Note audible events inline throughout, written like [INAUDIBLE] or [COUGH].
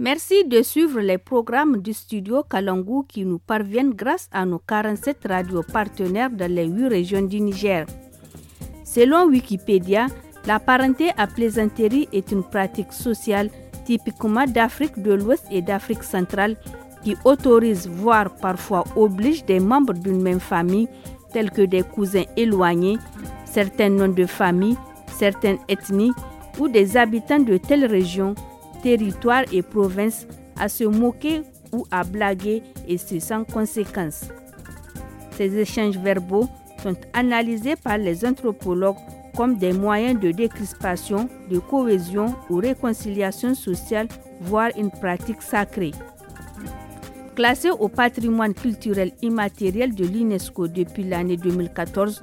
Merci de suivre les programmes du studio Kalangu qui nous parviennent grâce à nos 47 radios partenaires dans les 8 régions du Niger. Selon Wikipédia, la parenté à plaisanterie est une pratique sociale typiquement d'Afrique de l'Ouest et d'Afrique centrale qui autorise, voire parfois oblige des membres d'une même famille, tels que des cousins éloignés, certains noms de famille, certaines ethnies ou des habitants de telles régions territoire et province, à se moquer ou à blaguer et ce sans conséquence. Ces échanges verbaux sont analysés par les anthropologues comme des moyens de décrispation, de cohésion ou réconciliation sociale, voire une pratique sacrée. Classé au patrimoine culturel immatériel de l'UNESCO depuis l'année 2014,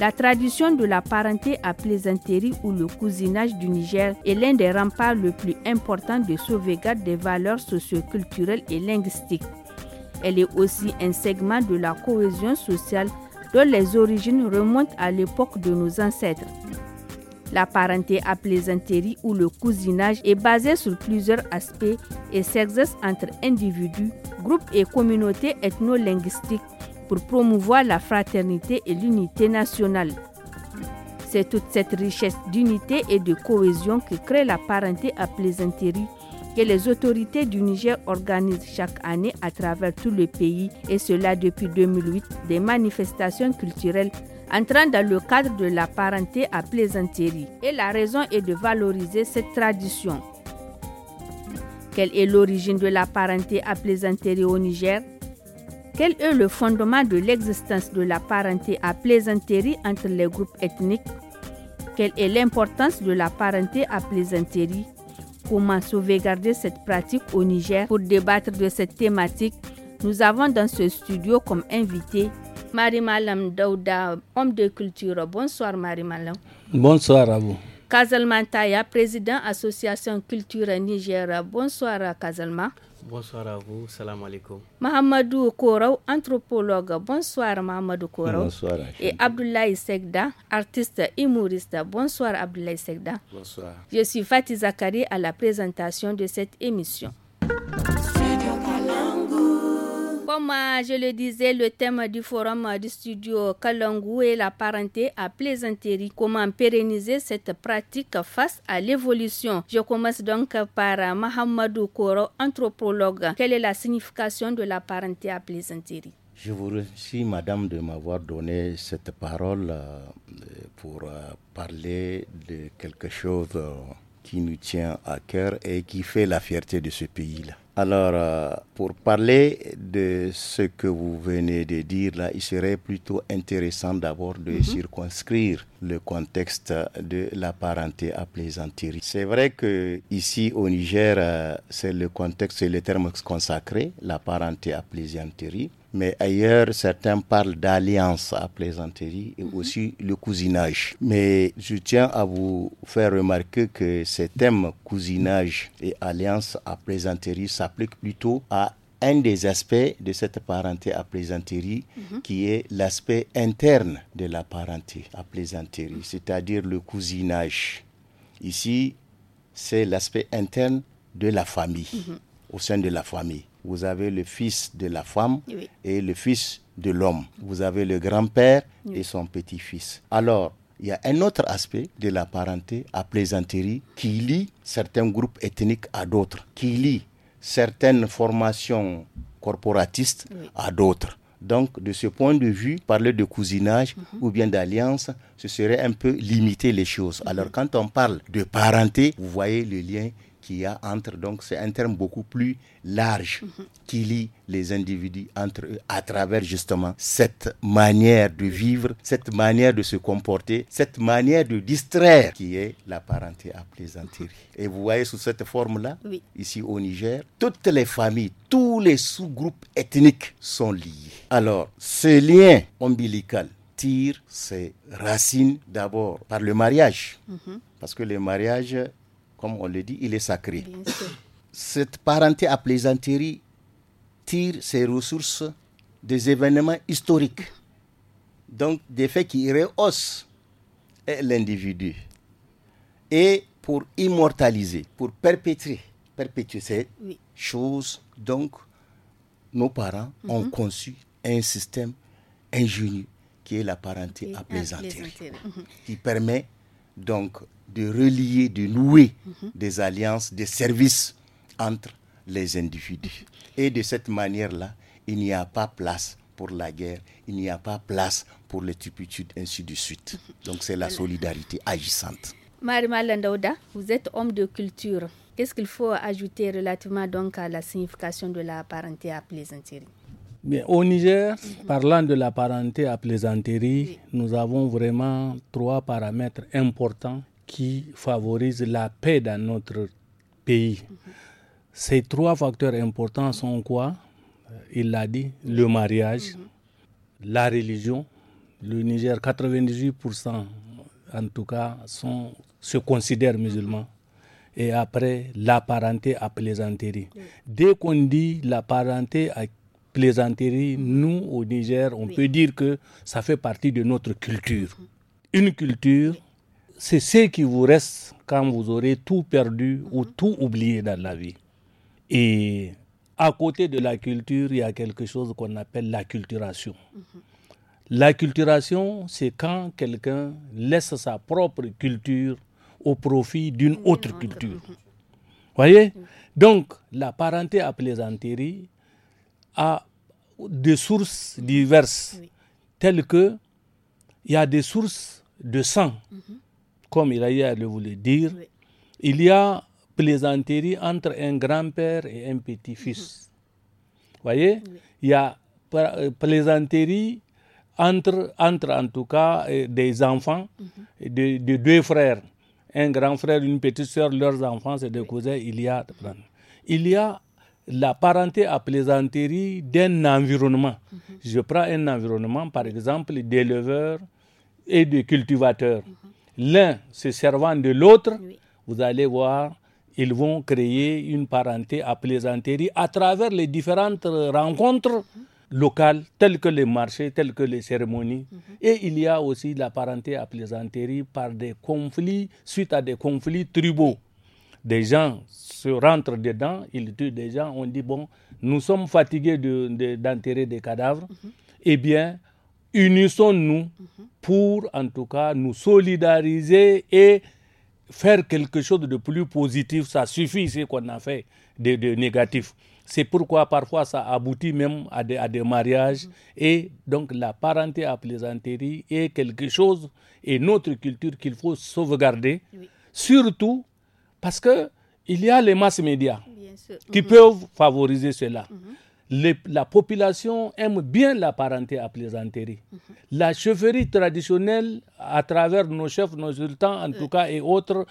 la tradition de la parenté à plaisanterie ou le cousinage du Niger est l'un des remparts le plus importants de sauvegarde des valeurs socioculturelles et linguistiques. Elle est aussi un segment de la cohésion sociale dont les origines remontent à l'époque de nos ancêtres. La parenté à plaisanterie ou le cousinage est basée sur plusieurs aspects et s'exerce entre individus, groupes et communautés ethno-linguistiques pour promouvoir la fraternité et l'unité nationale. C'est toute cette richesse d'unité et de cohésion qui crée la parenté à plaisanterie que les autorités du Niger organisent chaque année à travers tout le pays, et cela depuis 2008, des manifestations culturelles entrant dans le cadre de la parenté à plaisanterie. Et la raison est de valoriser cette tradition. Quelle est l'origine de la parenté à plaisanterie au Niger quel est le fondement de l'existence de la parenté à plaisanterie entre les groupes ethniques Quelle est l'importance de la parenté à plaisanterie Comment sauvegarder cette pratique au Niger Pour débattre de cette thématique, nous avons dans ce studio comme invité Marie-Malam Daouda, homme de culture. Bonsoir Marie-Malam. Bonsoir à vous. Kazalma Taya, président Association Culture Niger. Bonsoir Kazalma. Bonsoir à vous, salam alaikum. Mahamadou Kourou, anthropologue, bonsoir Mahamadou Kourou Bonsoir. Et Abdoulaye Segda, artiste humoriste, bonsoir Abdoulaye Segda. Bonsoir. Je suis Fatih Zakari à la présentation de cette émission. Comme je le disais, le thème du forum du studio Kalangu est la parenté à plaisanterie. Comment pérenniser cette pratique face à l'évolution Je commence donc par Mahamadou Koro, anthropologue. Quelle est la signification de la parenté à plaisanterie je vous remercie, Madame, de m'avoir donné cette parole euh, pour euh, parler de quelque chose euh, qui nous tient à cœur et qui fait la fierté de ce pays-là. Alors, euh, pour parler de ce que vous venez de dire là, il serait plutôt intéressant d'abord de mhm. circonscrire le contexte de la parenté à plaisanterie. C'est vrai que ici au Niger, euh, c'est le contexte, c'est le terme consacré, la parenté à plaisanterie. Mais ailleurs, certains parlent d'alliance à plaisanterie et mhm. aussi le cousinage. Mais je tiens à vous faire remarquer que ces thèmes cousinage et alliance à plaisanterie s'appliquent plutôt à un des aspects de cette parenté à plaisanterie mhm. qui est l'aspect interne de la parenté à plaisanterie, c'est-à-dire le cousinage. Ici, c'est l'aspect interne de la famille, mhm. au sein de la famille vous avez le fils de la femme et le fils de l'homme. Vous avez le grand-père et son petit-fils. Alors, il y a un autre aspect de la parenté à plaisanterie qui lie certains groupes ethniques à d'autres, qui lie certaines formations corporatistes à d'autres. Donc, de ce point de vue, parler de cousinage mhm. ou bien d'alliance, ce serait un peu limiter les choses. Mhm. Alors, quand on parle de parenté, vous voyez le lien a entre. Donc, c'est un terme beaucoup plus large mhm. qui lie les individus entre eux à travers justement cette manière de vivre, cette manière de se comporter, cette manière de distraire qui est la parenté à plaisanterie. Et vous voyez sous cette forme-là, ici au Niger, toutes les familles, tous les sous-groupes ethniques sont liés. Alors, ce lien ombilical tire ses racines d'abord par le mariage. Mhm. Parce que le mariage comme on le dit, il est sacré. Cette parenté à plaisanterie tire ses ressources des événements historiques, donc des faits qui rehaussent l'individu. Et pour immortaliser, pour perpétrer, perpétuer ces chose, choses, donc nos parents mhm. ont conçu un système ingénieux qui est la parenté à plaisanterie, qui permet donc de relier, de nouer mhm. des alliances, des services entre les individus. Et de cette manière-là, il n'y a pas place pour la guerre, il n'y a pas place pour les turpitudes, ainsi de suite. Mhm. Donc c'est la solidarité agissante. Marima Landauda, vous êtes homme de culture. Qu'est-ce qu'il faut ajouter relativement donc à la signification de la parenté à plaisanterie au Niger, mhm. parlant de la parenté à plaisanterie, nous avons vraiment trois paramètres importants qui favorise la paix dans notre pays. Ces trois facteurs importants sont quoi euh, Il l'a dit, le mariage, mm-hmm. la religion. Le Niger, 98% en tout cas, sont, se considèrent mm-hmm. musulmans. Et après, la parenté à plaisanterie. Dès qu'on dit la parenté à plaisanterie, nous, au Niger, on peut dire que ça fait partie de notre culture. Mm-hmm. Une culture c'est ce qui vous reste quand vous aurez tout perdu ou mhm. tout oublié dans la vie. Et à côté de la culture, il y a quelque chose qu'on appelle l'acculturation. Mhm. L'acculturation, c'est quand quelqu'un laisse sa propre culture au profit d'une autre culture. Voyez Donc, la parenté à plaisanterie a des sources diverses, telles que il y a des sources de sang mhm comme il le voulait dire, il y a plaisanterie entre un grand-père et un petit-fils. Mm-hmm. Vous voyez Il y a euh, plaisanterie entre, entre en tout cas, euh, des enfants, mm-hmm. de, deux frères. Un grand frère, une petite soeur, leurs enfants, c'est des cousins, il y a. Il y a la parenté à plaisanterie d'un environnement. Mm-hmm. Je prends un environnement, par exemple, d'éleveurs et de cultivateurs l'un se servant de l'autre, vous allez voir, ils vont créer une parenté à plaisanterie à travers les différentes rencontres locales, telles que les marchés, telles que les cérémonies. Mhm. Et il y a aussi la parenté à plaisanterie par des conflits, suite à des conflits tribaux. Des gens se rentrent dedans, ils tuent des gens, on dit, bon, nous sommes fatigués d'enterrer des cadavres, mhm. eh bien, unissons-nous mhm. pour en tout cas nous solidariser et faire quelque chose de plus positif. Ça suffit ce qu'on a fait de, négatif. C'est pourquoi parfois ça aboutit même à des, à des mariages. Mhm. Et donc la parenté à plaisanterie est quelque chose, et notre culture qu'il faut sauvegarder. Surtout parce qu'il y a les masses médias qui mhm. peuvent favoriser cela la population aime bien la parenté à plaisanterie. Mhm. La chefferie traditionnelle, à travers nos chefs, nos sultans en tout euh. cas et autres,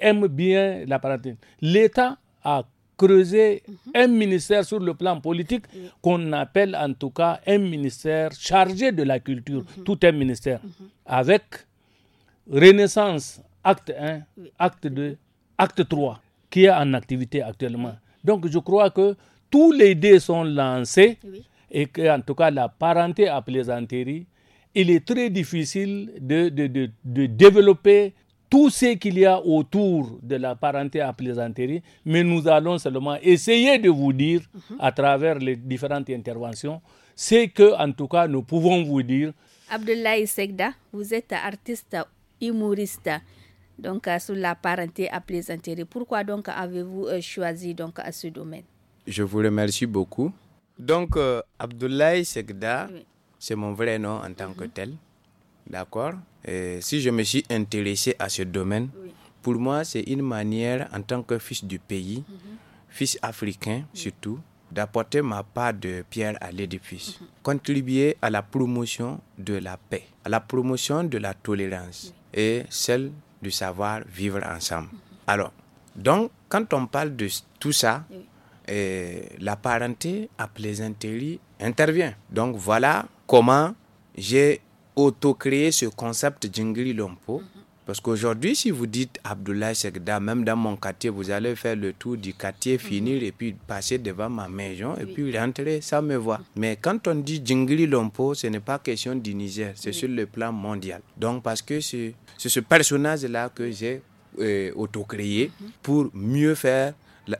aime bien la parenté. L'État a creusé mhm. un ministère sur le plan politique qu'on appelle en tout cas un ministère chargé de la culture, mhm. tout un ministère, avec Renaissance, acte 1, acte 2, acte 3, qui est en activité actuellement. Donc je crois que tous les dés sont lancés et que, en tout cas, la parenté à plaisanterie, il est très difficile de, développer tout ce qu'il y a autour de la parenté à plaisanterie, mais nous allons seulement essayer de vous dire, mhm. à travers les différentes interventions, ce que, en tout cas, nous pouvons vous dire. Abdoulaye Segda, vous êtes artiste humoriste, donc euh, sur la parenté à plaisanterie. Pourquoi donc avez-vous euh, choisi donc à ce domaine je vous remercie beaucoup. Donc, euh, Abdoulaye c'est mon vrai nom en tant que tel. D'accord Si je me suis intéressé à ce domaine, pour moi, c'est une manière, en tant que fils du pays, mhm. fils africain surtout, d'apporter ma part de pierre à l'édifice, mhm. contribuer à la promotion de la paix, à la promotion de la tolérance et celle du savoir vivre ensemble. Alors, donc, quand on parle de tout ça, la parenté à plaisanterie intervient. Donc voilà comment j'ai auto-créé ce concept Jingri Lompo. Mhm. Parce qu'aujourd'hui, si vous dites Abdoulaye Sekda, même dans mon quartier, vous allez faire le tour du quartier, mhm. finir et puis passer devant ma maison et puis rentrer, ça me voit. Mhm. Mais quand on dit Jingri Lompo, ce n'est pas question du Niger, c'est sur le plan mondial. Donc, parce que c'est ce personnage-là que j'ai euh, auto-créé pour mieux faire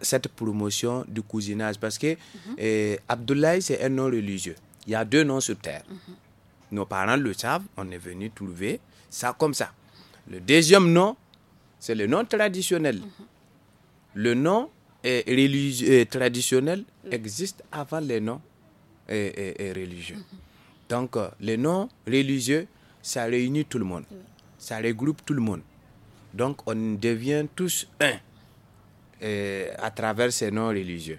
cette promotion du cousinage. Parce que mhm. eh, Abdoulaye, c'est un nom religieux. Il y a deux noms sur terre. Mhm. Nos parents le savent, on est venu trouver ça comme ça. Le deuxième nom, c'est le nom traditionnel. Mhm. Le nom eh, religieux, eh, traditionnel existe avant les noms religieux. Donc, euh, les noms religieux, ça réunit tout le monde. Ça regroupe tout le monde. Donc, on devient tous un. Euh, à travers ces noms religieux.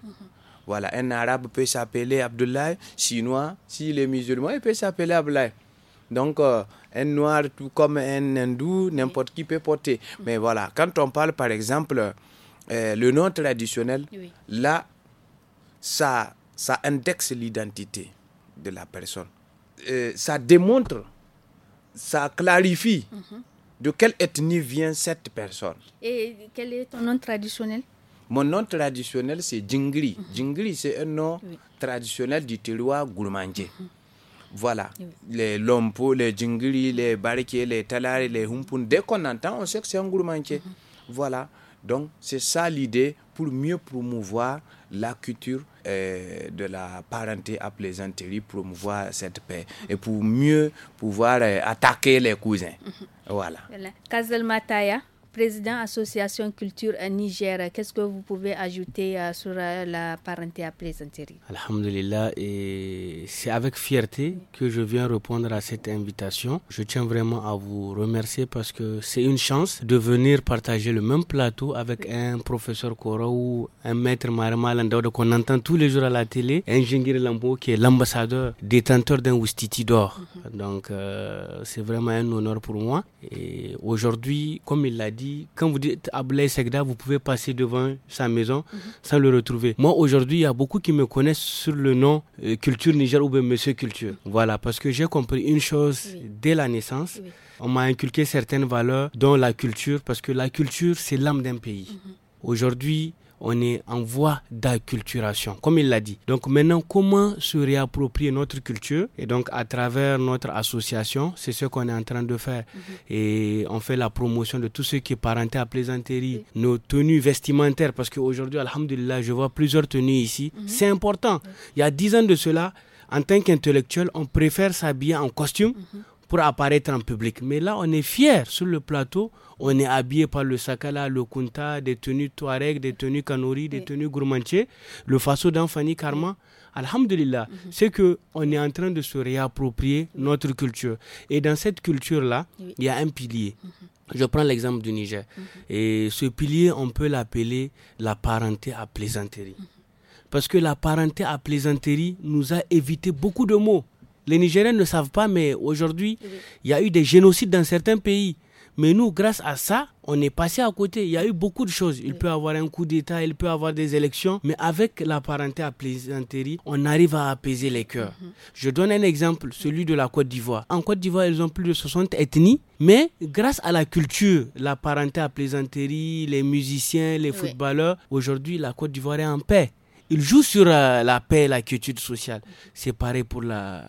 Voilà, un arabe peut s'appeler Abdullah, chinois, s'il est musulman, il peut s'appeler Abdullah. Donc, euh, un noir, tout comme un hindou, n'importe qui peut porter. Mais voilà, quand on parle, par exemple, euh, le nom traditionnel, là, ça, ça indexe l'identité de la personne. ça démontre, ça clarifie mhm de quelle ethnie vient cette personne. Et quel est ton nom traditionnel Mon nom traditionnel, c'est Djingri. Mm Djingri, c'est un nom traditionnel du terroir gourmandier. Mhm. Voilà, les lompo, les djingri, les bariquets, les talari, les humpun, dès qu'on entend, on sait que c'est un gourmandier. Mhm. Voilà, donc c'est ça l'idée pour mieux promouvoir la culture de la parenté à plaisanterie, promouvoir cette paix et pour mieux pouvoir euh, attaquer les cousins. Mhm. Voilà. voilà président Association Culture Niger. Qu'est-ce que vous pouvez ajouter euh, sur euh, la parenté à plaisanterie Alhamdulillah, et c'est avec fierté que je viens répondre à cette invitation. Je tiens vraiment à vous remercier parce que c'est une chance de venir partager le même plateau avec un professeur Kora ou un maître Marama qu'on entend tous les jours à la télé, un Lambo qui est l'ambassadeur, détenteur d'un Oustiti d'or. Mhm. Donc euh, c'est vraiment un honneur pour moi. Et aujourd'hui, comme il l'a dit, dit, quand vous dites Ablaï Segda, vous pouvez passer devant sa maison mhm. sans le retrouver. Moi, aujourd'hui, il y a beaucoup qui me connaissent sur le nom euh, Culture Niger ou Monsieur Culture. Mhm. Voilà, parce que j'ai compris une chose dès la naissance. On m'a inculqué certaines valeurs, dans la culture, parce que la culture, c'est l'âme d'un pays. Mhm. Aujourd'hui, on est en voie d'acculturation, comme il l'a dit. Donc maintenant, comment se réapproprier notre culture Et donc à travers notre association, c'est ce qu'on est en train de faire. Mhm. Et on fait la promotion de tout ce qui est parenté à plaisanterie, nos tenues vestimentaires, parce qu'aujourd'hui, alhamdulillah, je vois plusieurs tenues ici. Mhm. C'est important. Il y a dix ans de cela, en tant qu'intellectuel, on préfère s'habiller en costume mhm. pour apparaître en public. Mais là, on est fier sur le plateau on est habillé par le sakala, le kunta, des tenues touareg, des tenues kanori, des tenues le faso d'Anfani Karma. Alhamdulillah, mhm. c'est que on est en train de se réapproprier notre culture. Et dans cette culture-là, il y a un pilier. Mhm. Je prends l'exemple du Niger. Mhm. Et ce pilier, on peut l'appeler la parenté à plaisanterie. Parce que la parenté à plaisanterie nous a évité beaucoup de mots. Les Nigériens ne savent pas, mais aujourd'hui, il y a eu des génocides dans certains pays. Mais nous, grâce à ça, on est passé à côté. Il y a eu beaucoup de choses. Il peut y avoir un coup d'État, il peut y avoir des élections, mais avec la parenté à plaisanterie, on arrive à apaiser les cœurs. Mhm. Je donne un exemple, celui de la Côte d'Ivoire. En Côte d'Ivoire, ils ont plus de 60 ethnies, mais grâce à la culture, la parenté à plaisanterie, les musiciens, les footballeurs, aujourd'hui, la Côte d'Ivoire est en paix il joue sur euh, la paix et la quiétude sociale. C'est pareil pour la,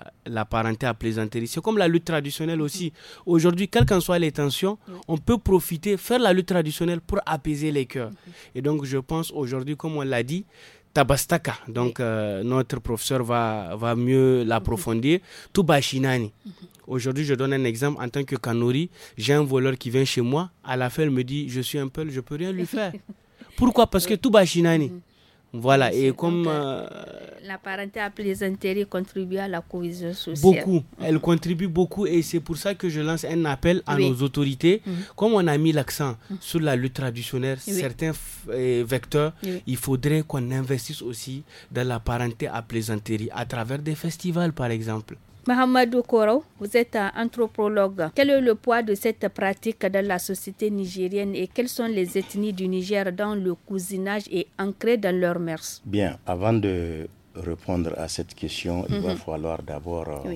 parenté à plaisanterie. C'est comme la lutte traditionnelle aussi. Aujourd'hui, quelles qu'en soient les tensions, on peut profiter, faire la lutte traditionnelle pour apaiser les cœurs. Et donc, je pense aujourd'hui, comme on l'a dit, Tabastaka, donc euh, notre professeur va, va mieux l'approfondir, Tubashinani. Aujourd'hui, je donne un exemple en tant que Kanori, j'ai un voleur qui vient chez moi, à la fin, il me dit Je suis un peu, je peux rien lui faire. Pourquoi Parce que Tubashinani. Voilà, et comme... Euh, euh, la parenté à plaisanterie contribue à la cohésion sociale. Beaucoup, mm. elle contribue beaucoup et c'est pour ça que je lance un appel à nos autorités. Mm. Comme on a mis l'accent mm. sur la lutte traditionnelle, certains eh, vecteurs, il faudrait qu'on investisse aussi dans la parenté à plaisanterie à travers des festivals, par exemple. Mahamadou Koro, vous êtes anthropologue. Quel est le poids de cette pratique dans la société nigérienne et quelles sont les ethnies du Niger dans le cousinage et ancrées dans leur mœurs Bien, avant de répondre à cette question, il va mhm. falloir d'abord euh,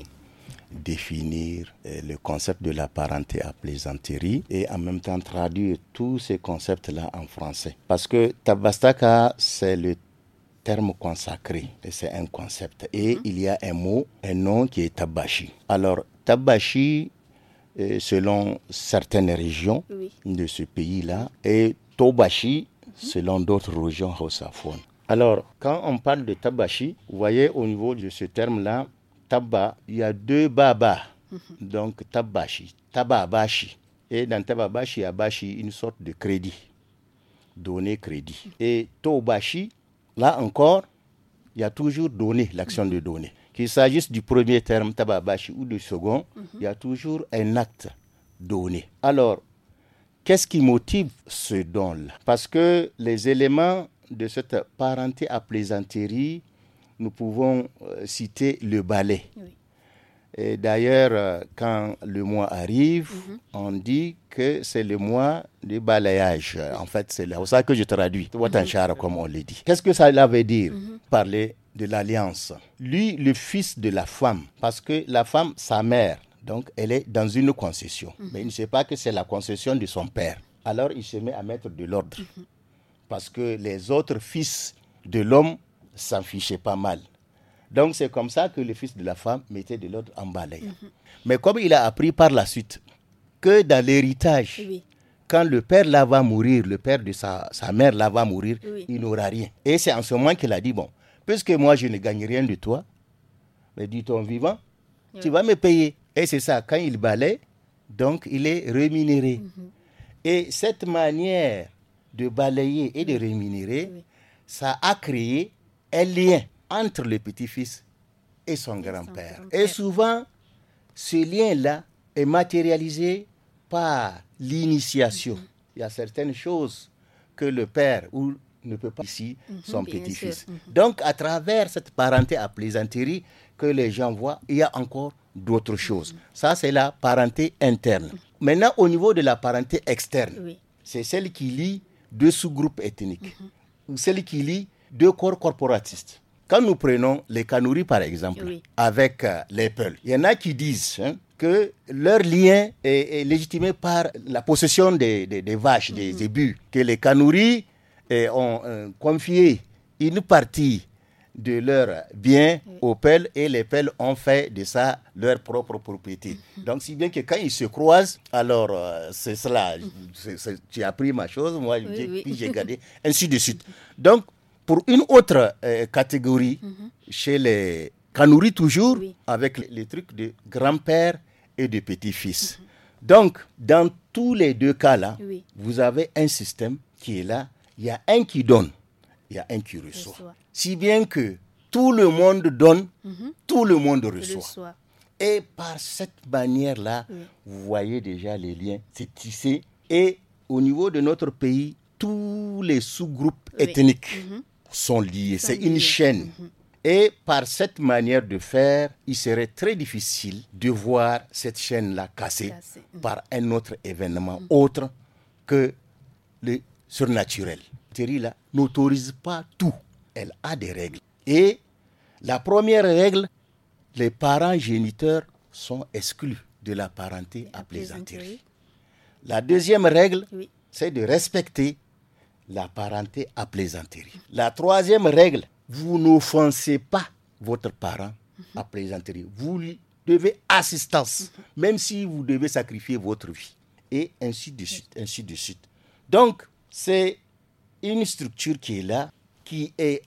définir euh, le concept de la parenté à plaisanterie et en même temps traduire tous ces concepts-là en français. Parce que Tabastaka, c'est le terme consacré, c'est un concept. Et mhm. il y a un mot, un nom qui est tabashi. Alors, tabashi euh, selon certaines régions de ce pays-là, et tobashi mhm. selon d'autres régions russophones. Alors, quand on parle de tabashi, vous voyez au niveau de ce terme-là, taba, il y a deux baba. Mhm. Donc, tabashi tababashi. Et dans tababashi, il y a bashi, une sorte de crédit, donner crédit. Et tobashi, Là encore, il y a toujours donné, l'action de donner. Qu'il s'agisse du premier terme tababashi ou du second, il y a toujours un acte donné. Alors, qu'est-ce qui motive ce don-là Parce que les éléments de cette parenté à plaisanterie, nous pouvons euh, citer le balai. Et d'ailleurs, euh, quand le mois arrive, mhm. on dit que c'est le mois du balayage. En fait, c'est là ça que je traduis. Mhm. comme on le dit. Qu'est-ce que ça veut dire mhm. Parler de l'alliance. Lui, le fils de la femme, parce que la femme, sa mère, donc elle est dans une concession. Mais il ne sait pas que c'est la concession de son père. Alors il se met à mettre de l'ordre. Parce que les autres fils de l'homme s'en fichaient pas mal. Donc c'est comme ça que le fils de la femme mettait de l'ordre en balai. Mais comme il a appris par la suite que dans l'héritage, quand le père là va mourir, le père de sa, mère là va mourir, il n'aura rien. Et c'est en ce moment qu'il a dit, bon, puisque moi je ne gagne rien de toi, mais du ton vivant, tu vas me payer. Et c'est ça, quand il balaye, donc il est rémunéré. Mhm. Et cette manière de balayer et de rémunérer, ça a créé un lien entre le petit-fils et son grand-père. et souvent, ce lien-là est matérialisé par l'initiation. Mm-hmm. Il y a certaines choses que le père ou ne peut pas ici mm-hmm. son petit-fils. Mm-hmm. Donc, à travers cette parenté à plaisanterie que les gens voient, il y a encore d'autres choses. Ça, c'est la parenté interne. Maintenant, au niveau de la parenté externe, c'est celle qui lie deux sous-groupes ethniques, ou celle qui lie deux corps corporatistes. Quand nous prenons les canouries, par exemple, avec euh, les Peuls, il y en a qui disent hein, que leur lien est, légitimé par la possession des, vaches, des mhm. ébus, que les canouries eh, ont euh, confié une partie de leur bien aux pelles et les pelles ont fait de ça leur propre propriété. Mhm. Donc, si bien que quand ils se croisent, alors euh, c'est cela. Mhm. tu as pris ma chose, moi j'ai gardé, ainsi de suite. Donc, pour une autre euh, catégorie, mhm. chez les Kanouri toujours, avec les, trucs de grand-père et de petit-fils. Mhm. Donc, dans tous les deux cas-là, vous avez un système qui est là. Il y a un qui donne, il y a un qui reçoit. Si bien que tout le monde donne, mhm. tout le monde reçoit. Et par cette manière-là, vous voyez déjà les liens, c'est tissé. Et au niveau de notre pays, tous les sous-groupes ethniques sont liés. C'est une chaîne. Mhm. Et par cette manière de faire, il serait très difficile de voir cette chaîne-là cassée, mhm. par un autre événement mhm. autre que le surnaturel. Thierry-là n'autorise pas tout. Elle a des règles. Et la première règle, les parents géniteurs sont exclus de la parenté à plaisanterie. La deuxième règle, c'est de respecter la parenté à plaisanterie. La troisième règle, vous n'offensez pas votre parent à plaisanterie. Vous lui devez assistance, même si vous devez sacrifier votre vie. Et ainsi de suite, ainsi de suite. Donc, c'est une structure qui est là, qui est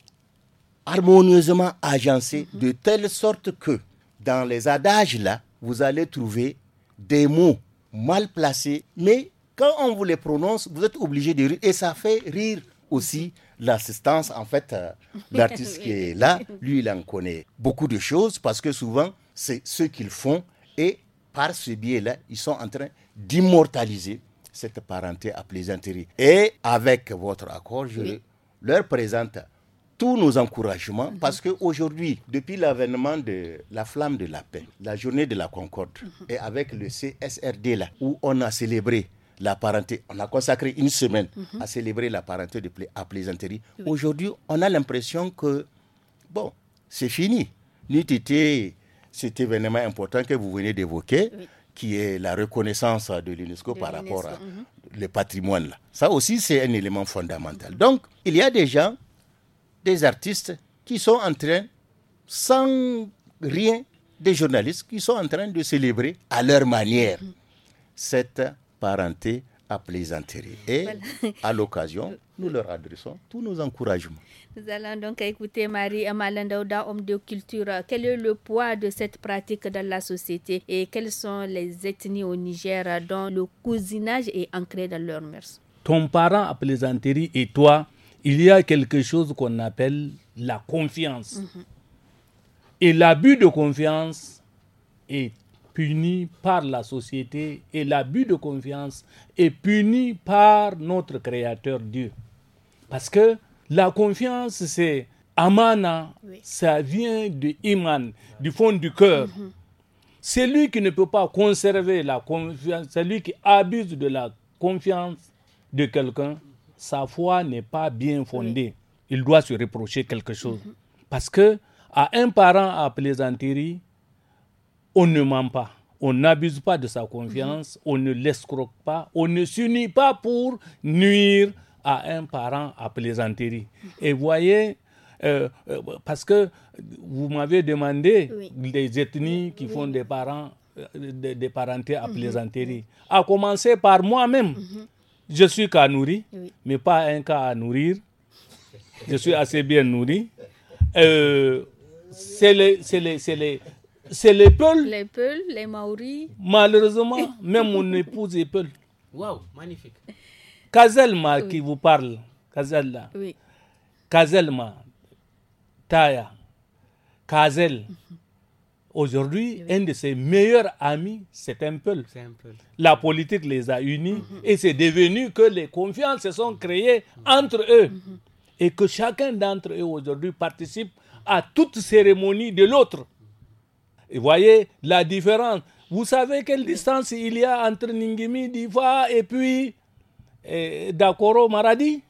harmonieusement agencée, mhm. de telle sorte que dans les adages là, vous allez trouver des mots mal placés, mais quand on vous les prononce, vous êtes obligé de rire. Et ça fait rire aussi l'assistance. En fait, euh, [LAUGHS] l'artiste qui est là, lui, il en connaît beaucoup de choses parce que souvent, c'est ce qu'ils font. Et par ce biais-là, ils sont en train d'immortaliser cette parenté à plaisanterie. Et avec votre accord, je leur présente tous nos encouragements mhm. parce qu'aujourd'hui, depuis l'avènement de la flamme de la paix, la journée de la concorde, mhm. et avec le CSRD là, où on a célébré la parenté. On a consacré une semaine à célébrer la parenté de à plaisanterie. Aujourd'hui, on a l'impression que, bon, c'est fini. N'eût était cet événement important que vous venez d'évoquer, qui est la reconnaissance de l'UNESCO par rapport à mhm. le patrimoine. Ça aussi, c'est un élément fondamental. Donc, il y a des gens, des artistes, qui sont en train, sans rien, des journalistes qui sont en train de célébrer à leur manière mhm. cette parenté à plaisanterie. Et à l'occasion, nous leur adressons tous nos encouragements. Nous allons donc écouter Marie Oda, homme de culture. Quel est le poids de cette pratique dans la société et quelles sont les ethnies au Niger dont le cousinage est ancré dans leurs mœurs Ton parent à plaisanterie et toi, il y a quelque chose qu'on appelle la confiance. Mhm. Et l'abus de confiance est puni par la société et l'abus de confiance est puni par notre Créateur Dieu. Parce que la confiance, c'est amana, ça vient de iman, du fond du cœur. Mhm. Celui qui ne peut pas conserver la confiance, celui qui abuse de la confiance de quelqu'un, sa foi n'est pas bien fondée. Il doit se reprocher quelque chose. Mhm. Parce que à un parent à plaisanterie, on ne ment pas, on n'abuse pas de sa confiance, mhm. on ne l'escroque pas, on ne s'unit pas pour nuire à un parent à plaisanterie. Mhm. Et voyez, euh, euh, parce que vous m'avez demandé des ethnies qui font des parents euh, des, parentés à mhm. plaisanterie. À commencer par moi-même. Je suis cas nourri, mais pas un cas à nourrir. Je suis assez bien nourri. c'est les, c'est les Peuls. Les Peuls, les Maoris. Malheureusement, [LAUGHS] même mon épouse est Peul. Waouh, magnifique. Kazelma qui vous parle. Kazelma. Oui. Kazelma. Taya. Kazel. Mhm. Aujourd'hui, un de ses meilleurs amis, c'est un Peul. La politique les a unis mhm. et c'est devenu que les confiances se sont créées mhm. entre eux. Et que chacun d'entre eux aujourd'hui participe à toute cérémonie de l'autre. Et voyez la différence. Vous savez quelle distance il y a entre Ningimi Diva et puis eh, Dakoro Maradi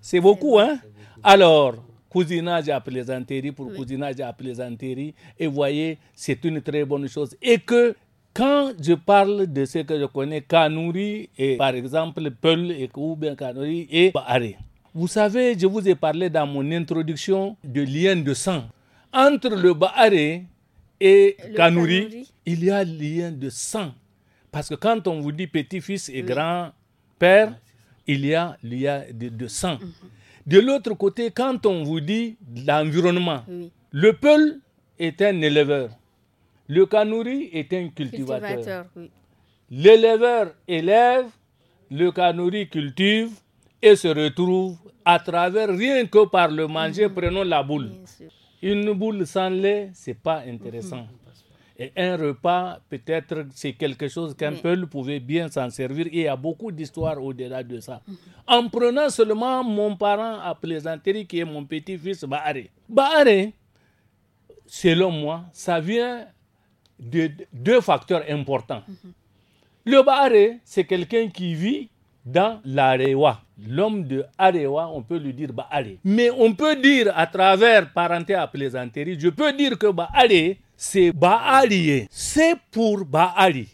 C'est beaucoup, hein Alors, cousinage à plaisanterie pour oui. cousinage à plaisanterie. Et voyez, c'est une très bonne chose. Et que quand je parle de ce que je connais, Kanouri et par exemple Peul et ou Kanouri et Baharé. Vous savez, je vous ai parlé dans mon introduction de lien de sang entre le Baharé et Canouri, il y a lien de sang. Parce que quand on vous dit petit-fils et grand-père, il y a lien de, sang. Mhm. De l'autre côté, quand on vous dit l'environnement, le Peul est un éleveur, le canouri est un cultivateur. L'éleveur élève, le canouri cultive et se retrouve à travers, rien que par le manger, mhm. prenons la boule. Une boule sans lait, c'est pas intéressant. Mm-hmm. Et un repas, peut-être, c'est quelque chose qu'un peuple pouvait bien s'en servir. il y a beaucoup d'histoires au-delà de ça. Mm-hmm. En prenant seulement mon parent à plaisanterie, qui est mon petit-fils Baharé. Baharé, selon moi, ça vient de deux facteurs importants. Mm-hmm. Le Baharé, c'est quelqu'un qui vit dans l'aréwa l'homme de Arewa, on peut lui dire bah allez. Mais on peut dire à travers parenté à plaisanterie, je peux dire que bah allez, c'est Baali. C'est pour Baali.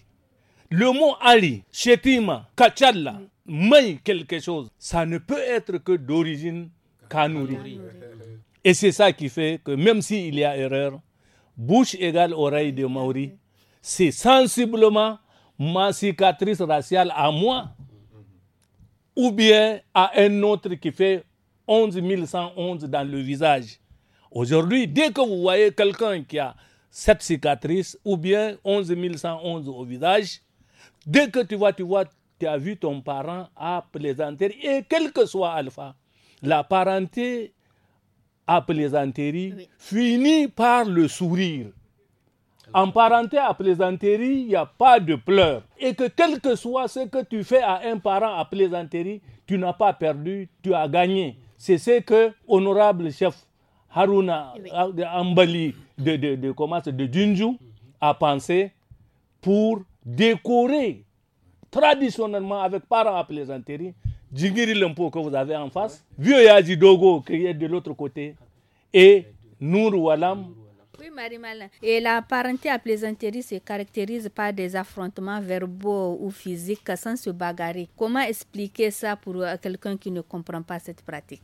Le mot Ali, Shetima, Kachala, mais quelque chose, ça ne peut être que d'origine Kanuri. Et c'est ça qui fait que même s'il y a erreur, bouche égale oreille de Maori, c'est sensiblement ma cicatrice raciale à moi ou bien à un autre qui fait 11 111 dans le visage. Aujourd'hui, dès que vous voyez quelqu'un qui a cette cicatrice ou bien 11 111 au visage, dès que tu vois, tu vois, tu as vu ton parent à plaisanterie, et quel que soit Alpha, la parenté à plaisanterie finit par le sourire. En parenté à plaisanterie, il n'y a pas de pleurs. Et que quel que soit ce que tu fais à un parent à plaisanterie, tu n'as pas perdu, tu as gagné. C'est ce que honorable chef Haruna Ambali de, de, de, a pensé pour décorer traditionnellement avec parents à plaisanterie Jingiri Lempo que vous avez en face, Vieux Yaji Dogo qui est de l'autre côté et Nour Walam oui, marie Et la parenté à plaisanterie se caractérise par des affrontements verbaux ou physiques sans se bagarrer. Comment expliquer ça pour euh, quelqu'un qui ne comprend pas cette pratique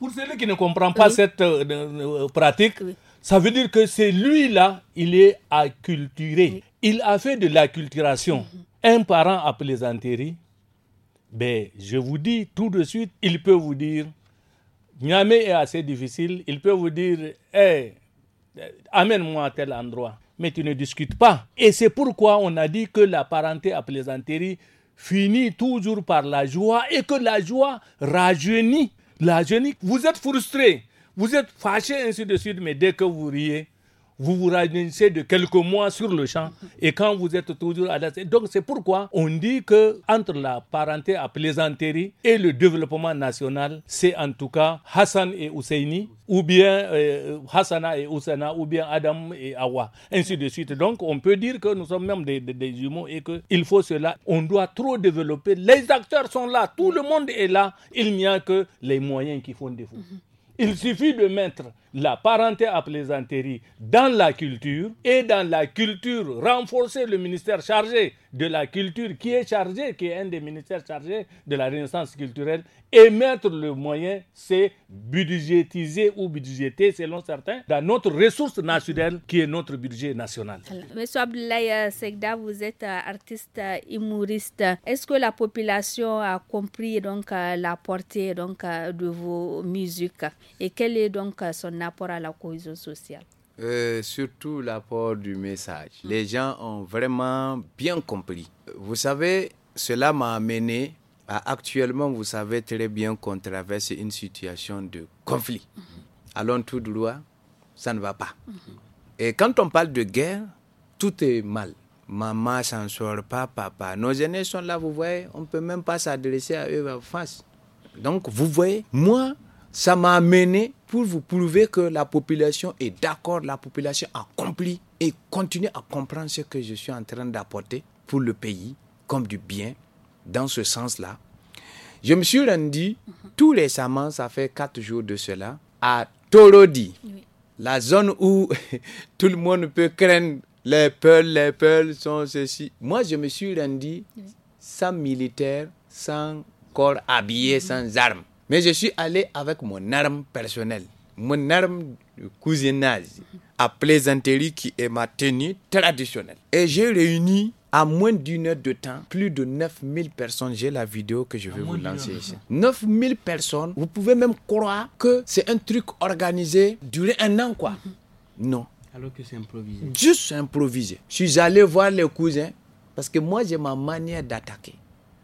Pour celui qui ne comprend pas cette euh, euh, pratique, ça veut dire que c'est lui-là, il est acculturé. Il a fait de l'acculturation. Mm-hmm. Un parent à plaisanterie, ben, je vous dis tout de suite, il peut vous dire Niamey est assez difficile. Il peut vous dire, hé, euh, amène-moi à tel endroit. Mais tu ne discutes pas. Et c'est pourquoi on a dit que la parenté à plaisanterie finit toujours par la joie et que la joie rajeunit. La jeunesse, vous êtes frustré, vous êtes fâché, ainsi de suite, mais dès que vous riez, vous vous rajeunissez de quelques mois sur le champ et quand vous êtes toujours à la... Donc c'est pourquoi on dit que entre la parenté à plaisanterie et le développement national, c'est en tout cas Hassan et Husseini ou bien euh, Hassana et Husseina ou bien Adam et Awa, ainsi de suite. Donc on peut dire que nous sommes même des, des, des humains et qu'il faut cela. On doit trop développer. Les acteurs sont là, tout le monde est là. Il n'y a que les moyens qui font défaut. Mhm. Il suffit de mettre la parenté à plaisanterie dans la culture et dans la culture, renforcer le ministère chargé de la culture qui est chargé, qui est un des ministères chargés de la renaissance culturelle et mettre le moyen, c'est budgétiser ou budgéter selon certains, dans notre ressource naturelle qui est notre budget national. Monsieur Abdoulaye euh, Segda, vous êtes euh, artiste euh, humoriste. Est-ce que la population a compris donc la portée donc de vos musiques et quelle est donc son apport à la cohésion sociale euh, Surtout l'apport du message. Les gens ont vraiment bien compris. Vous savez, cela m'a amené à actuellement, vous savez très bien qu'on traverse une situation de conflit. Allons tout droit, ça ne va pas. Et quand on parle de guerre, tout est mal. Maman s'en sort pas, papa. Nos aînés sont là, vous voyez, on ne peut même pas s'adresser à eux en face. Donc, vous voyez, moi, ça m'a amené pour vous prouver que la population est d'accord, la population a et continue à comprendre ce que je suis en train d'apporter pour le pays comme du bien dans ce sens-là. Je me suis rendu tout récemment, ça fait quatre jours de cela, à Torodi, la zone où [LAUGHS] tout le monde peut craindre les peurs, les peurs, sont ceci. Moi, je me suis rendu sans militaire, sans corps habillé, mhm. sans armes. Mais je suis allé avec mon arme personnelle, mon arme de cousinage à plaisanterie qui est ma tenue traditionnelle. Et j'ai réuni à moins d'une heure de temps, plus de 9000 personnes. J'ai la vidéo que je vais vous lancer ici. 9000 personnes, vous pouvez même croire que c'est un truc organisé durer un an, quoi. Mhm. Non. Alors que c'est improvisé. Juste improvisé. Je suis allé voir les cousins parce que moi, j'ai ma manière d'attaquer.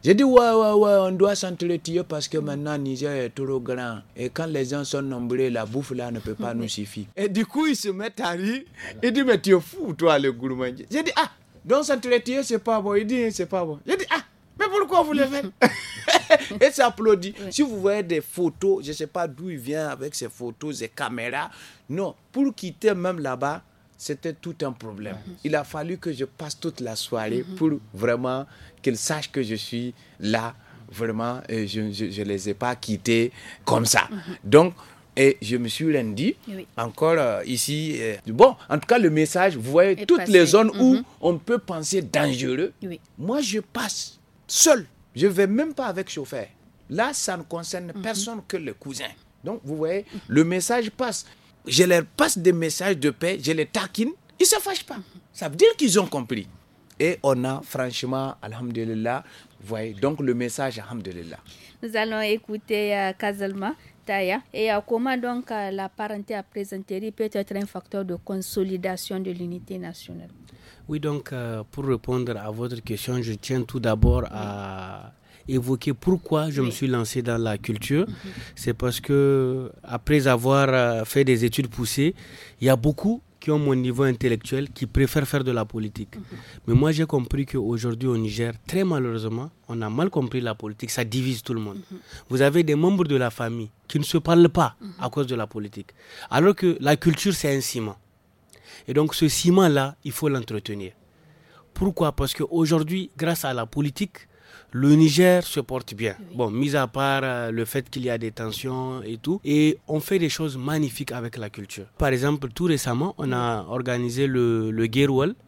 J'ai dit, ouais, ouais, ouais, on doit s'entretuer parce que maintenant Niger est trop grand. Et quand les gens sont nombreux, la bouffe là ne peut pas nous suffire. Et du coup, ils se mettent à rire. Ils disent, mais tu es fou, toi, le gourmand. J'ai dit, ah, donc s'entretuer, c'est pas bon. Il dit, hein, c'est pas bon. J'ai dit, ah, mais pourquoi vous le faites [LAUGHS] Et s'applaudit applaudit. Si vous voyez des photos, je ne sais pas d'où il vient avec ses photos, ses caméras. Non, pour quitter même là-bas, c'était tout un problème. Il a fallu que je passe toute la soirée mm-hmm. pour vraiment qu'ils sachent que je suis là. Vraiment, et je ne les ai pas quittés comme ça. Mm-hmm. Donc, et je me suis rendu eh encore euh, ici. bon, en tout cas, le message, vous voyez, toutes les zones où mm-hmm. on peut penser dangereux, eh moi, je passe seul. Je ne vais même pas avec chauffeur. Là, ça ne concerne personne que le cousin. Donc, vous voyez, le message passe je leur passe des messages de paix, je les taquine, ils ne se fâchent pas. Ça veut dire qu'ils ont compris. Et on a franchement, alhamdulillah, voyez, donc le message, alhamdulillah. Nous allons écouter euh, Kazalma. Taya, et euh, comment donc euh, la parenté à présenterie peut être un facteur de consolidation de l'unité nationale Oui, donc pour répondre à votre question, je tiens tout d'abord à évoquer pourquoi je me suis lancé dans la culture. Mhm. C'est parce que, après avoir euh, fait des études poussées, il y a beaucoup qui ont mon niveau intellectuel qui préfèrent faire de la politique. Mhm. Mais moi, j'ai compris qu'aujourd'hui, au Niger, très malheureusement, on a mal compris la politique. Ça divise tout le monde. Mhm. Vous avez des membres de la famille qui ne se parlent pas à cause de la politique. Alors que la culture, c'est un ciment. Et donc, ce ciment-là, il faut l'entretenir. Pourquoi Parce qu'aujourd'hui, grâce à la politique, le Niger se porte bien. Bon, mis à part euh, le fait qu'il y a des tensions et tout. Et on fait des choses magnifiques avec la culture. Par exemple, tout récemment, on a organisé le, le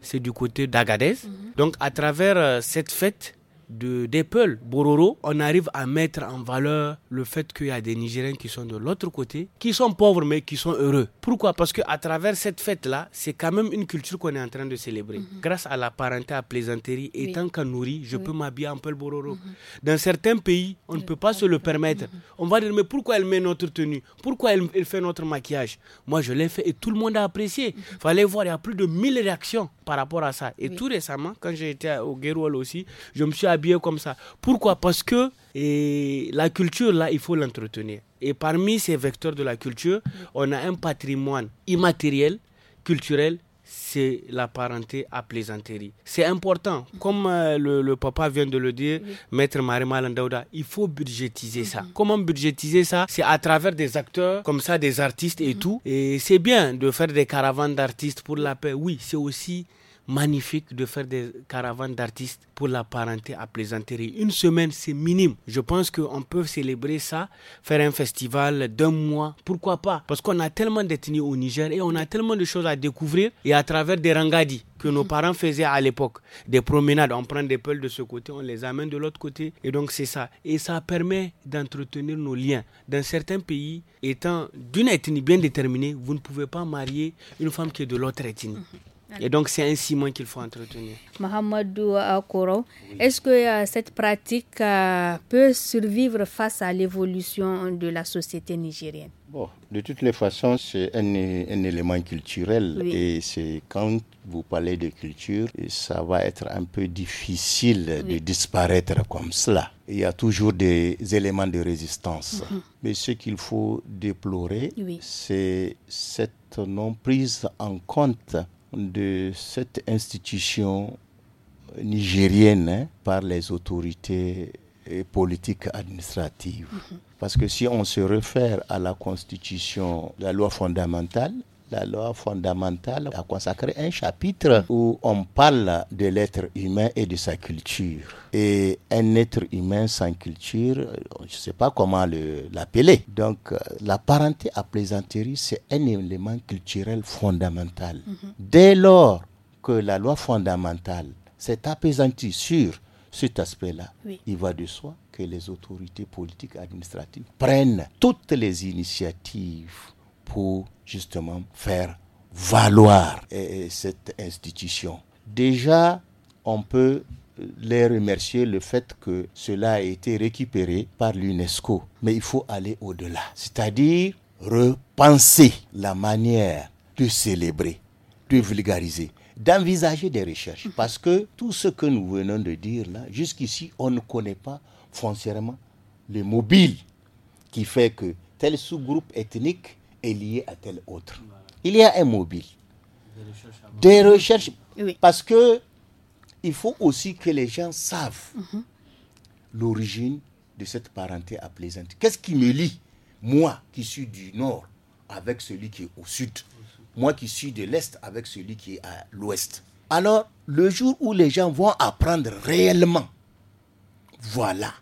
c'est du côté d'Agadez. Mhm. Donc, à travers euh, cette fête, d'Apple, Bororo, on arrive à mettre en valeur le fait qu'il y a des Nigériens qui sont de l'autre côté, qui sont pauvres mais qui sont heureux. Pourquoi Parce qu'à travers cette fête-là, c'est quand même une culture qu'on est en train de célébrer. Mhm. Grâce à la parenté à plaisanterie, étant qu'on nourrit, je peux m'habiller en Peul Bororo. Mhm. Dans certains pays, on ne peut pas se le mhm. permettre. On va dire, mais pourquoi elle met notre tenue Pourquoi elle, fait notre maquillage Moi, je l'ai fait et tout le monde a apprécié. Fallait voir, il y a plus de 1000 réactions par rapport à ça. Et tout récemment, quand j'étais au Guéroual aussi, je me suis habillé comme ça. Pourquoi Parce que et la culture, là, il faut l'entretenir. Et parmi ces vecteurs de la culture, on a un patrimoine immatériel, culturel c'est la parenté à plaisanterie. C'est important. Comme euh, le, papa vient de le dire, Maître Marima Landauda, il faut budgétiser ça. Mhm. Comment budgétiser ça C'est à travers des acteurs, comme ça, des artistes et mhm. tout. Et c'est bien de faire des caravanes d'artistes pour la paix. Oui, c'est aussi magnifique de faire des caravanes d'artistes pour la parenté à plaisanterie. Une semaine, c'est minime. Je pense qu'on peut célébrer ça, faire un festival d'un mois. Pourquoi pas Parce qu'on a tellement d'ethnies au Niger et on a tellement de choses à découvrir et à travers des rangadis que nos parents faisaient à l'époque. Des promenades, on prend des peules de ce côté, on les amène de l'autre côté. Et donc c'est ça. Et ça permet d'entretenir nos liens. Dans certains pays, étant d'une ethnie bien déterminée, vous ne pouvez pas marier une femme qui est de l'autre ethnie. Et donc, c'est un ciment qu'il faut entretenir. Mohamedou Akoro, est-ce que euh, cette pratique euh, peut survivre face à l'évolution de la société nigérienne Bon, de toutes les façons, c'est un, élément culturel et c'est quand vous parlez de culture, ça va être un peu difficile de disparaître comme cela. Il y a toujours des éléments de résistance. Mm-hmm. Mais ce qu'il faut déplorer, c'est cette non prise en compte de cette institution nigérienne hein, par les autorités politiques administratives. Mhm. Parce que si on se réfère à la Constitution, la loi fondamentale, la loi fondamentale a consacré un chapitre où on parle de l'être humain et de sa culture. Et un être humain sans culture, euh, je ne sais pas comment l'appeler. Donc euh, la parenté à plaisanterie, c'est un élément culturel fondamental. Mhm. Dès lors que la loi fondamentale s'est apaisantie sur cet aspect-là, il va de soi que les autorités politiques administratives prennent toutes les initiatives pour justement faire valoir cette institution. Déjà, on peut les remercier le fait que cela a été récupéré par l'UNESCO. Mais il faut aller au-delà, c'est-à-dire repenser la manière de célébrer, de vulgariser, d'envisager des recherches. Mhm. Parce que tout ce que nous venons de dire là, jusqu'ici, on ne connaît pas foncièrement le mobile qui fait que tel sous-groupe ethnique lié à tel autre. Il y a un mobile. Des recherches. Parce que il faut aussi que les gens savent mhm. l'origine de cette parenté à plaisante. Qu'est-ce qui me lie, moi qui suis du nord, avec celui qui est au sud, moi qui suis de l'est, avec celui qui est à l'ouest. Alors, le jour où les gens vont apprendre réellement, voilà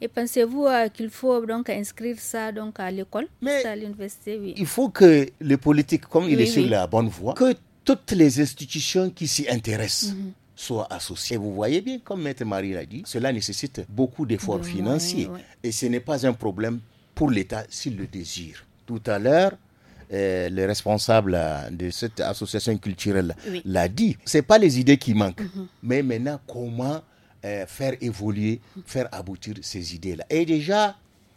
et pensez-vous euh, qu'il faut donc inscrire ça donc à l'école, à l'université Il faut que les politiques, comme il est sur la bonne voie, que toutes les institutions qui s'y intéressent. Mhm. soient associées. Vous voyez bien, comme Maître Marie l'a dit, cela nécessite beaucoup d'efforts financiers. Et ce n'est pas un problème pour l'État s'il le désire. Tout à l'heure, euh, le responsable euh, de cette association culturelle l'a dit. Ce pas les idées qui manquent. Mhm. Mais maintenant, comment euh, faire évoluer, faire aboutir ces idées-là. Et déjà,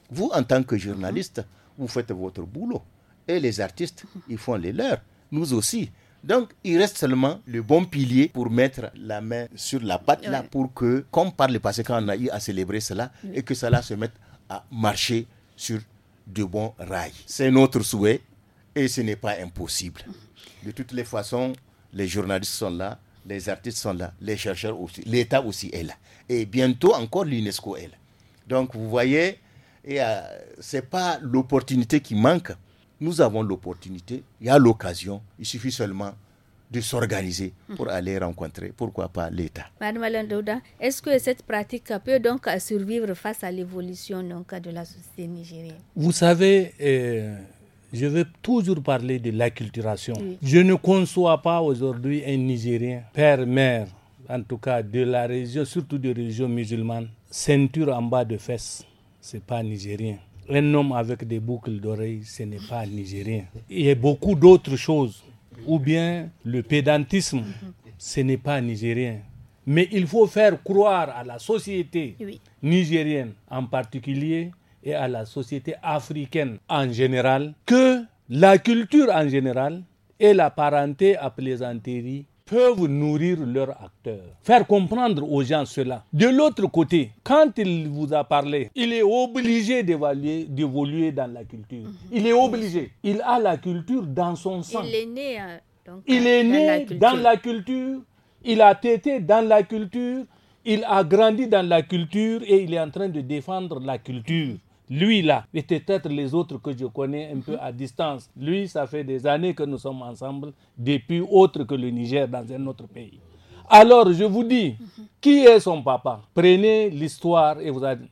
vous, en tant que journaliste, vous faites votre boulot. Et les artistes, ils font les leurs. Nous aussi. Donc, il reste seulement le bon pilier pour mettre la main sur la patte, là, pour que, comme par le passé, quand on a eu à célébrer cela, et que cela se mette à marcher sur de bons rails. C'est notre souhait et ce n'est pas impossible. De toutes les façons, les journalistes sont là, les artistes sont là, les chercheurs aussi, l'État aussi est là. Et bientôt encore l'UNESCO est là. Donc vous voyez, et n'est euh, c'est pas l'opportunité qui manque. Nous avons l'opportunité, il y a l'occasion, il suffit seulement de s'organiser pour mhm. aller rencontrer, pourquoi pas l'État. Madame Douda, est-ce que cette pratique peut donc survivre face à l'évolution de la société nigérienne Vous savez, euh, je veux toujours parler de l'acculturation. Je ne conçois pas aujourd'hui un Nigérien, père, mère, en tout cas de la région, surtout de région musulmane, ceinture en bas de fesses, c'est pas nigérien. Un homme avec des boucles d'oreilles, ce n'est pas nigérien. Il y a beaucoup d'autres choses. Ou bien le pédantisme, ce n'est pas nigérien. Mais il faut faire croire à la société nigérienne en particulier et à la société africaine en général que la culture en général et la parenté à plaisanterie peuvent nourrir leurs acteurs, faire comprendre aux gens cela. De l'autre côté, quand il vous a parlé, il est obligé d'évoluer dans la culture. Mhm. Il est obligé. Il a la culture dans son sang. Euh, il est euh, né, dans, la dans la culture. Il a été dans la culture. Il a grandi dans la culture et il est en train de défendre la culture. Lui là, et peut-être les autres que je connais un peu à distance. Lui, ça fait des années que nous sommes ensemble, depuis autre que le Niger, dans un autre pays. Alors, je vous dis, qui est son papa Prenez l'histoire et vous allez.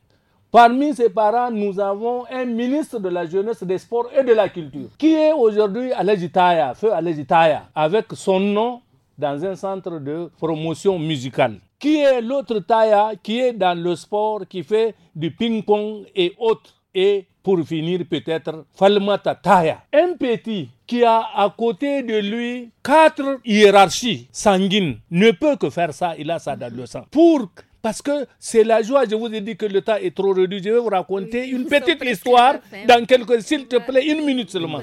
Parmi ses parents, nous avons un ministre de la jeunesse, des sports et de la culture, qui est aujourd'hui à feu Alejitaya, avec son nom dans un centre de promotion musicale. Qui est l'autre Taya qui est dans le sport, qui fait du ping-pong et autres Et pour finir, peut-être Falmata Taya. Un petit qui a à côté de lui quatre hiérarchies sanguines ne peut que faire ça, il a ça dans le sang. Pour parce que c'est la joie, je vous ai dit que le temps est trop réduit. Je vais vous raconter une petite histoire dans quelques, s'il te plaît, une minute seulement.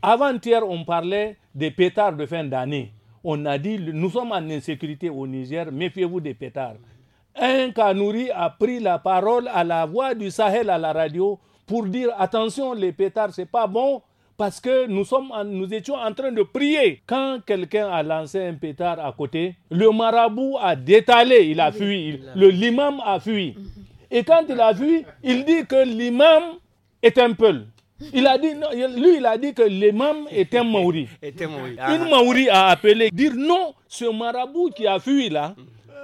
Avant-hier, on parlait des pétards de fin d'année on a dit nous sommes en insécurité au Niger, méfiez-vous des pétards. Un Kanouri a pris la parole à la voix du Sahel à la radio pour dire attention, les pétards, c'est pas bon. Parce que nous, sommes nous étions en train de prier. Quand quelqu'un a lancé un pétard à côté, le marabout a détalé, il a fui. le l'imam a fui. Et quand il a fui, il dit que l'imam est un peuple a dit, lui, il a dit que l'imam était un maori. [LAUGHS] Ah. Une maori a appelé, dire non, ce marabout qui a fui là,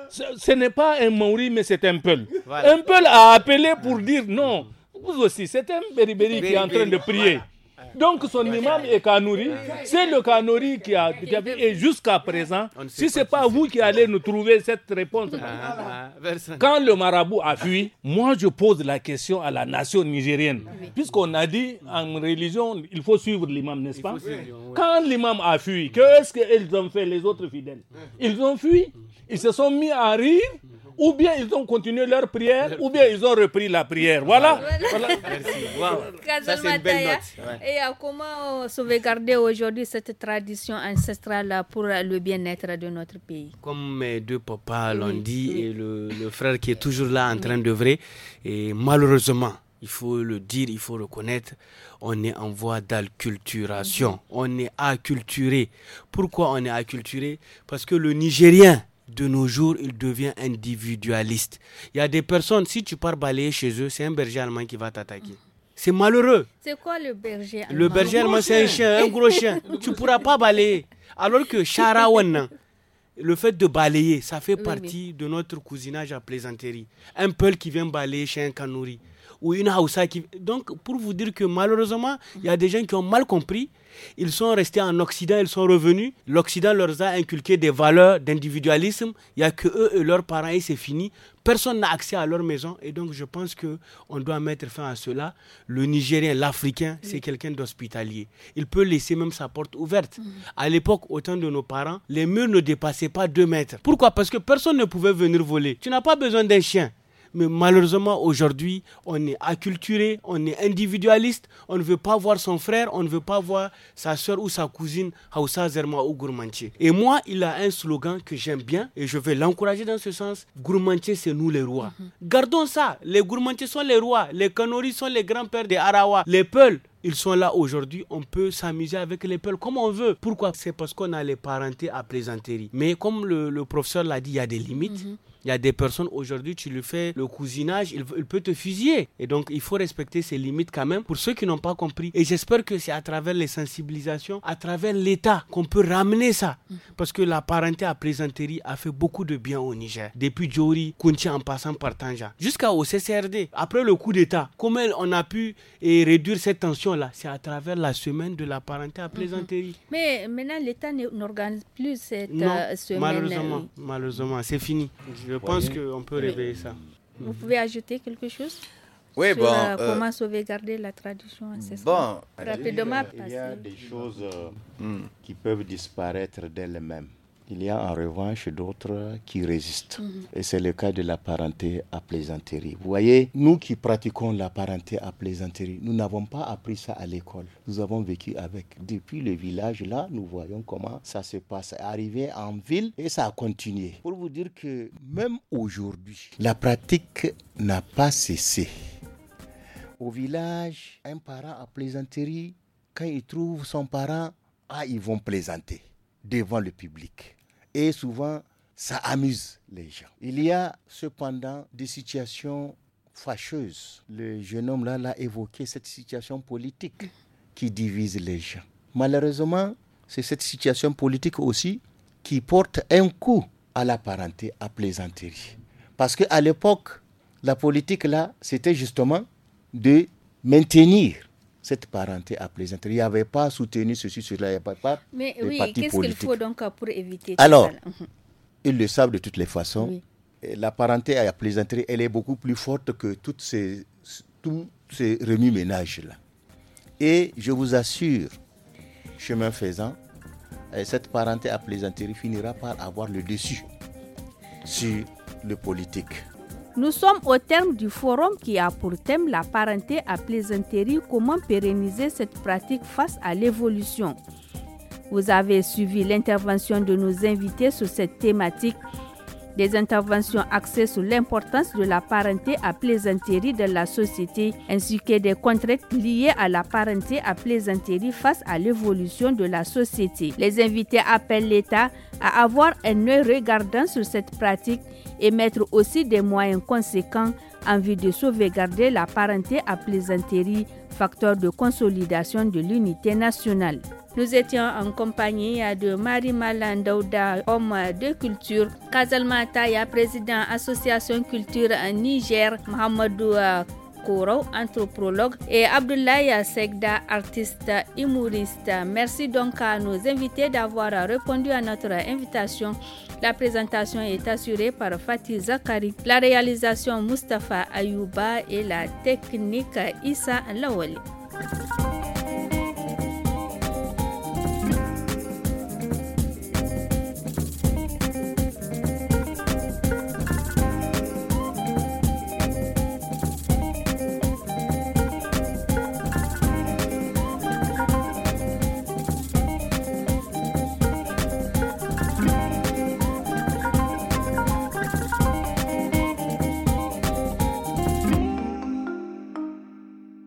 ce, n'est pas un maori, mais c'est un peul. Un peul a appelé pour dire non. Vous aussi, c'est un beriberi qui est en train de prier. Donc son imam est Kanouri. C'est le Kanouri qui a. Et jusqu'à présent, si ce n'est pas vous qui allez nous trouver cette réponse. Ah, ah, ah, Quand le marabout a fui, moi je pose la question à la nation nigérienne. Puisqu'on a dit en religion, il faut suivre l'imam, n'est-ce pas Quand l'imam a fui, qu'est-ce qu'ils ont fait les autres fidèles Ils ont fui, ils se sont mis à rire ou bien ils ont continué leur prière, ou bien ils ont repris la prière. Voilà. Merci. Ça, c'est une belle note. Et euh, comment euh, sauvegarder aujourd'hui cette tradition ancestrale pour le bien-être de notre pays Comme mes deux papas l'ont dit, et le, frère qui est toujours là en train train d'œuvrer, et malheureusement, il faut le dire, il faut reconnaître, on est en voie d'acculturation. On est acculturé. Pourquoi on est acculturé Parce que le Nigérien, de nos jours, il devient individualiste. Il y a des personnes, si tu pars balayer chez eux, c'est un berger allemand qui va t'attaquer. C'est malheureux. C'est quoi le berger allemand Le berger allemand, c'est un chien, un gros chien. [LAUGHS] tu ne pourras pas balayer. Alors que le fait de balayer, ça fait partie de notre cousinage à plaisanterie. Un peul qui vient balayer chez un canouri ou une Hausa qui. Donc, pour vous dire que malheureusement, il y a des gens qui ont mal compris ils sont restés en Occident, ils sont revenus. L'Occident leur a inculqué des valeurs d'individualisme. Il n'y a que eux et leurs parents et c'est fini. Personne n'a accès à leur maison et donc je pense que doit mettre fin à cela. Le Nigérien, l'Africain, c'est quelqu'un d'hospitalier. Il peut laisser même sa porte ouverte. Mm. À l'époque, au temps de nos parents, les murs ne dépassaient pas deux mètres. Pourquoi Parce que personne ne pouvait venir voler. Tu n'as pas besoin d'un chien. Mais malheureusement, aujourd'hui, on est acculturé, on est individualiste, on ne veut pas voir son frère, on ne veut pas voir sa soeur ou sa cousine, Hausa, Zerma ou Gourmandier. Et moi, il a un slogan que j'aime bien et je vais l'encourager dans ce sens. Gourmandier, c'est nous les rois. Mhm. Gardons ça. Les gourmandiers sont les rois. Les canoris sont les grands-pères des Arawa. Les Peuls, ils sont là aujourd'hui, on peut s'amuser avec les peuls comme on veut. Pourquoi C'est parce qu'on a les parentés à plaisanterie. Mais comme le, professeur l'a dit, il y a des limites. Mhm. Il y a des personnes aujourd'hui, tu lui fais le cousinage, il, peut te fusiller. Et donc, il faut respecter ses limites quand même pour ceux qui n'ont pas compris. Et j'espère que c'est à travers les sensibilisations, à travers l'État, qu'on peut ramener ça. Mhm. Parce que la parenté à plaisanterie a fait beaucoup de bien au Niger. Depuis Djori, Kunti en passant par Tanja, jusqu'à au CCRD. Après le coup d'État, comment on a pu eh, réduire cette tension-là C'est à travers la semaine de la parenté à mhm. plaisanterie. Mais maintenant, l'État n'organise plus cette euh, semaine. Malheureusement, euh, malheureusement c'est fini. Je pense qu'on peut réveiller ça. Vous pouvez ajouter quelque chose oui, bon, euh, euh, comment sauvegarder la tradition bon, rapidement. Il y a, des choses euh, hmm. qui peuvent disparaître d'elles-mêmes. Il y a en revanche d'autres qui résistent. Mhm. Et c'est le cas de la parenté à plaisanterie. Vous voyez, nous qui pratiquons la parenté à plaisanterie, nous n'avons pas appris ça à l'école. Nous avons vécu avec. Depuis le village, là, nous voyons comment ça se passe. Arrivé en ville et ça a continué. Pour vous dire que même aujourd'hui, la pratique n'a pas cessé. Au village, un parent à plaisanterie, quand il trouve son parent, ah, ils vont plaisanter devant le public. Et souvent, ça amuse les gens. Il y a cependant des situations fâcheuses. Le jeune homme-là l'a évoqué, cette situation politique qui divise les gens. Malheureusement, c'est cette situation politique aussi qui porte un coup à la parenté, à plaisanterie. Parce qu'à l'époque, la politique, là, c'était justement de maintenir cette parenté à plaisanterie. Il n'y avait pas soutenu ceci, cela, il n'y pas. Mais oui, qu'est-ce qu'il faut donc pour éviter Alors, mhm. ils le savent de toutes les façons. La parenté à plaisanterie, elle est beaucoup plus forte que toutes ces, tous ces remue-ménages-là. Et je vous assure, chemin faisant, eh, cette parenté à plaisanterie finira par avoir le dessus sur le politique. Nous sommes au terme du forum qui a pour thème la parenté à plaisanterie, comment pérenniser cette pratique face à l'évolution. Vous avez suivi l'intervention de nos invités sur cette thématique des interventions axées sur l'importance de la parenté à plaisanterie de la société, ainsi que des contraintes liées à la parenté à plaisanterie face à l'évolution de la société. Les invités appellent l'État à avoir un œil regardant sur cette pratique et mettre aussi des moyens conséquents en vue de sauvegarder la parenté à plaisanterie, facteur de consolidation de l'unité nationale. Nous étions en compagnie de Marie Malandouda, homme de culture, Kazal Mataya, président Association Culture Niger, Mohamedou euh, Kouro, anthropologue, et Abdoulaye Segda, artiste humoriste. Merci donc à nos invités d'avoir répondu à notre invitation. La présentation est assurée par Fatih Zakari, la réalisation Mustapha Ayouba et la technique Issa Lawali.